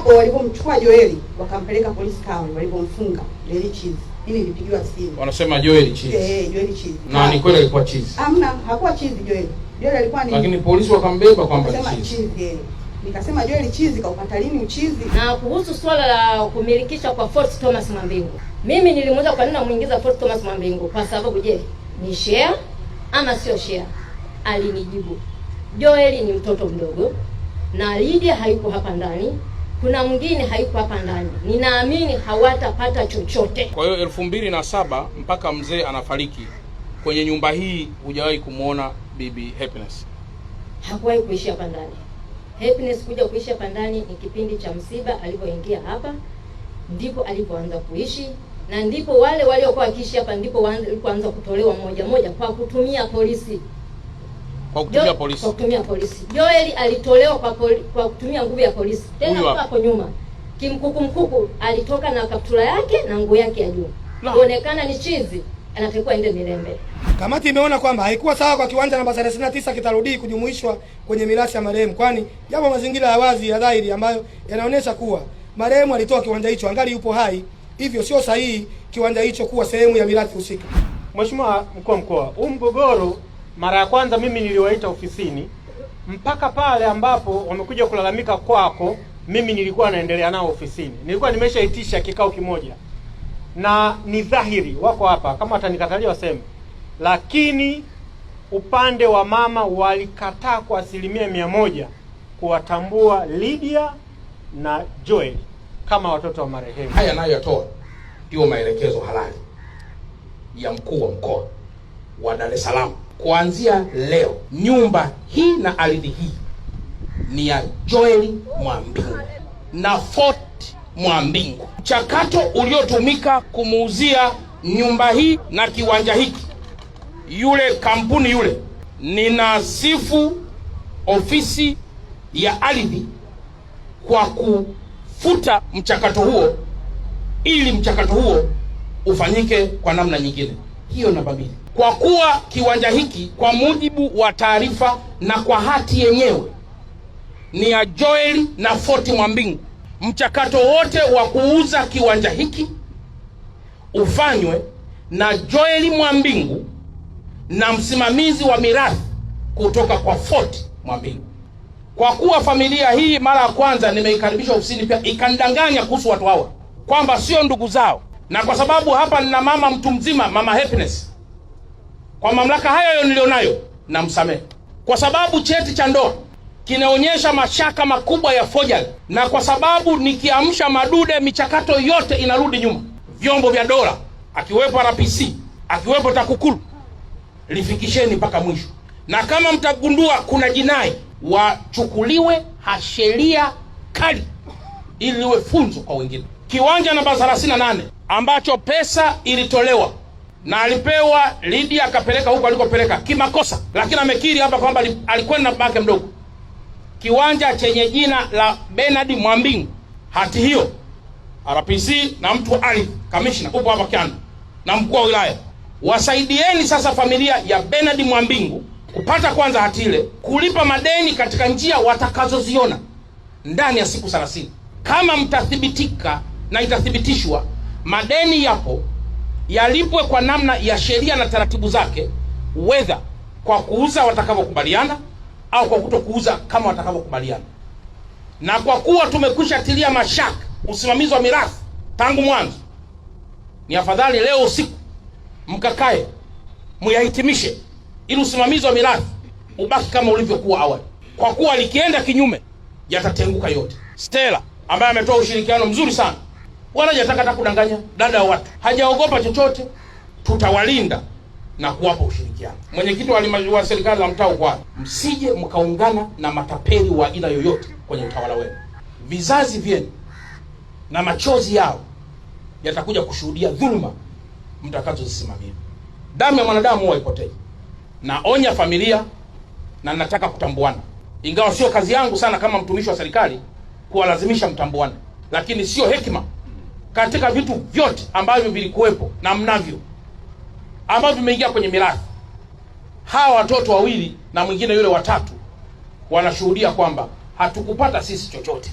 hapo walipomchukua Joeli wakampeleka polisi town, walipomfunga Joeli Chizi, mimi nilipigiwa simu, wanasema Joeli Chizi eh, eh, Joeli Chizi. Na ni kweli alikuwa Chizi? Hamna, hakuwa Chizi Joeli. Joeli alikuwa ni, lakini polisi wakambeba kwamba Chizi, Chizi eh. Nikasema Joeli Chizi kaupata lini uchizi? Na kuhusu swala la kumilikisha kwa Fort Thomas Mwambingu, mimi nilimuuliza kwa nini namuingiza Fort Thomas Mwambingu, kwa sababu je, ni share ama sio share? Alinijibu Joeli ni mtoto mdogo na Lydia haiko hapa ndani kuna mwingine hayuko hapa ndani, ninaamini hawatapata chochote. Kwa hiyo elfu mbili na saba mpaka mzee anafariki kwenye nyumba hii hujawahi kumwona bibi Happiness? Hakuwahi kuishi hapa ndani. Happiness kuja kuishi hapa ndani ni kipindi cha msiba, alipoingia hapa ndipo alipoanza kuishi na ndipo wale waliokuwa wakiishi hapa ndipo walipoanza kutolewa moja moja kwa kutumia polisi kwa kutumia polisi. Kwa kutumia polisi. Joel alitolewa kwa, poli, kwa kutumia nguvu ya polisi. Tena hapo nyuma. Kimkuku mkuku alitoka na kaptula yake na nguo yake ya juu. Inaonekana ni chizi anatakiwa aende Mirembe. Kamati imeona kwamba haikuwa sawa kwa kiwanja namba 39 kitarudi kujumuishwa kwenye mirathi ya marehemu, kwani yapo mazingira ya wazi ya dhahiri ambayo yanaonyesha kuwa marehemu alitoa kiwanja hicho angali yupo hai, hivyo sio sahihi kiwanja hicho kuwa sehemu ya mirathi husika. Mheshimiwa mkuu wa mkoa, huu mgogoro mara ya kwanza mimi niliwaita ofisini mpaka pale ambapo wamekuja kulalamika kwako, mimi nilikuwa naendelea nao ofisini. Nilikuwa nimeshaitisha kikao kimoja, na ni dhahiri wako hapa, kama watanikatalia waseme, lakini upande wa mama walikataa kwa asilimia mia moja kuwatambua Lydia na Joel kama watoto wa marehemu. Haya nayo yatoa ndiyo maelekezo halali ya mkuu wa mkoa wa Dar es Salaam, kuanzia leo nyumba hii na ardhi hii ni ya Joel Mwambingu na Fort Mwambingu. Mchakato uliotumika kumuuzia nyumba hii na kiwanja hiki yule kampuni yule, ninasifu ofisi ya ardhi kwa kufuta mchakato huo ili mchakato huo ufanyike kwa namna nyingine hiyo namba mbili, kwa kuwa kiwanja hiki kwa mujibu wa taarifa na kwa hati yenyewe ni ya Joel na Fort Mwambingu. Mchakato wote wa kuuza kiwanja hiki ufanywe na Joel Mwambingu na msimamizi wa mirathi kutoka kwa Fort Mwambingu. Kwa kuwa familia hii mara ya kwanza nimeikaribisha ofisini, pia ikanidanganya kuhusu watu hawa kwamba sio ndugu zao na kwa sababu hapa nina mama mtu mzima, mama Happiness, kwa mamlaka hayo nilionayo namsamehe, kwa sababu cheti cha ndoa kinaonyesha mashaka makubwa ya fojali, na kwa sababu nikiamsha madude michakato yote inarudi nyuma. Vyombo vya dola akiwepo RPC akiwepo TAKUKURU, lifikisheni mpaka mwisho, na kama mtagundua kuna jinai wachukuliwe hasheria kali ili liwe funzo kwa wengine. Kiwanja namba 38 ambacho pesa ilitolewa na alipewa lidi akapeleka huko alikopeleka kimakosa, lakini amekiri hapa kwamba alikwenda baba mdogo kiwanja chenye jina la Bernard Mwambingu. Hati hiyo RPC na mtu Ali kamishna upo hapa kiano na mkuu wa wilaya, wasaidieni sasa familia ya Bernard Mwambingu kupata kwanza hati ile, kulipa madeni katika njia watakazoziona ndani ya siku 30 kama mtathibitika na itathibitishwa madeni yapo, yalipwe kwa namna ya sheria na taratibu zake, wedha kwa kuuza watakavyokubaliana au kwa kutokuuza kuuza kama watakavyokubaliana. Na kwa kuwa tumekwisha tilia mashaka usimamizi wa mirathi tangu mwanzo, ni afadhali leo usiku mkakae muyahitimishe, ili usimamizi wa mirathi ubaki kama ulivyokuwa awali, kwa kuwa likienda kinyume yatatenguka yote. Stella ambaye ametoa ushirikiano mzuri sana wala hajataka hata kudanganya dada ya watu, hajaogopa chochote. Tutawalinda na kuwapa ushirikiano. Mwenyekiti wa serikali za mtaa kwa, Msije mkaungana na matapeli wa aina yoyote kwenye utawala wenu. Vizazi vyenu na machozi yao yatakuja kushuhudia dhuluma mtakazozisimamia. Damu ya mwanadamu huwa ipotei. Naonya familia na nataka kutambuana, ingawa sio kazi yangu sana kama mtumishi wa serikali kuwalazimisha mtambuane, lakini sio hekima katika vitu vyote ambavyo vilikuwepo na mnavyo ambavyo vimeingia kwenye mirathi. Hawa watoto wawili na mwingine yule watatu wanashuhudia kwamba hatukupata sisi chochote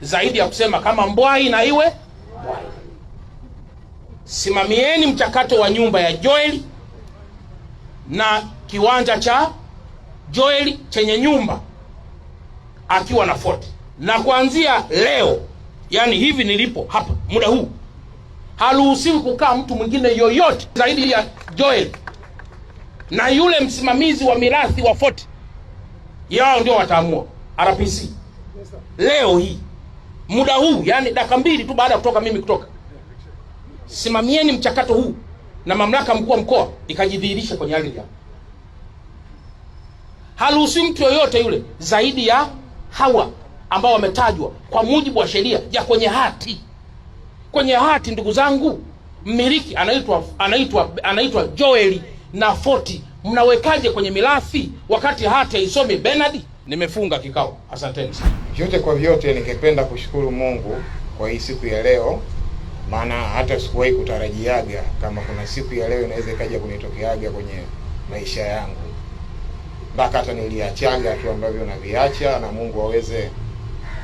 zaidi ya kusema kama mbwai na iwe mbwai. Simamieni mchakato wa nyumba ya Joeli na kiwanja cha Joeli chenye nyumba akiwa na foti na kuanzia leo yaani hivi nilipo hapa muda huu, haruhusiwi kukaa mtu mwingine yoyote zaidi ya Joel na yule msimamizi wa mirathi wa foti. Yao ndio wataamua RPC leo hii muda huu, yani dakika mbili tu baada ya kutoka mimi kutoka. Simamieni mchakato huu na mamlaka mkuu wa mkoa ikajidhihirisha kwenye ardhi yao. Haruhusiwi mtu yoyote yule zaidi ya hawa ambao wametajwa kwa mujibu wa sheria ya kwenye hati. Kwenye hati, ndugu zangu, mmiliki anaitwa anaitwa anaitwa Joeli na Foti. Mnawekaje kwenye mirathi wakati hati haisomi? Bernard, nimefunga kikao. Asanteni sana. Vyote kwa vyote, ningependa kushukuru Mungu kwa hii siku ya leo, maana hata sikuwahi kutarajiaga kama kuna siku ya leo inaweza ikaja kunitokeaga kwenye maisha yangu, mpaka hata niliachaga tu ambavyo naviacha, na Mungu aweze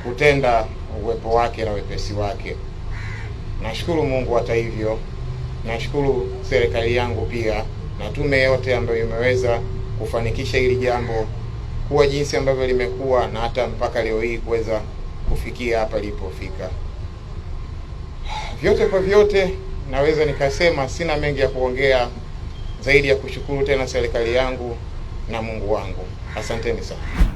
kutenda uwepo wake na wepesi wake. Nashukuru Mungu hata hivyo, nashukuru serikali yangu pia na tume yote ambayo imeweza kufanikisha hili jambo kuwa jinsi ambavyo limekuwa na hata mpaka leo hii kuweza kufikia hapa lilipofika. Vyote kwa vyote, naweza nikasema sina mengi ya kuongea zaidi ya kushukuru tena serikali yangu na Mungu wangu. Asanteni sana.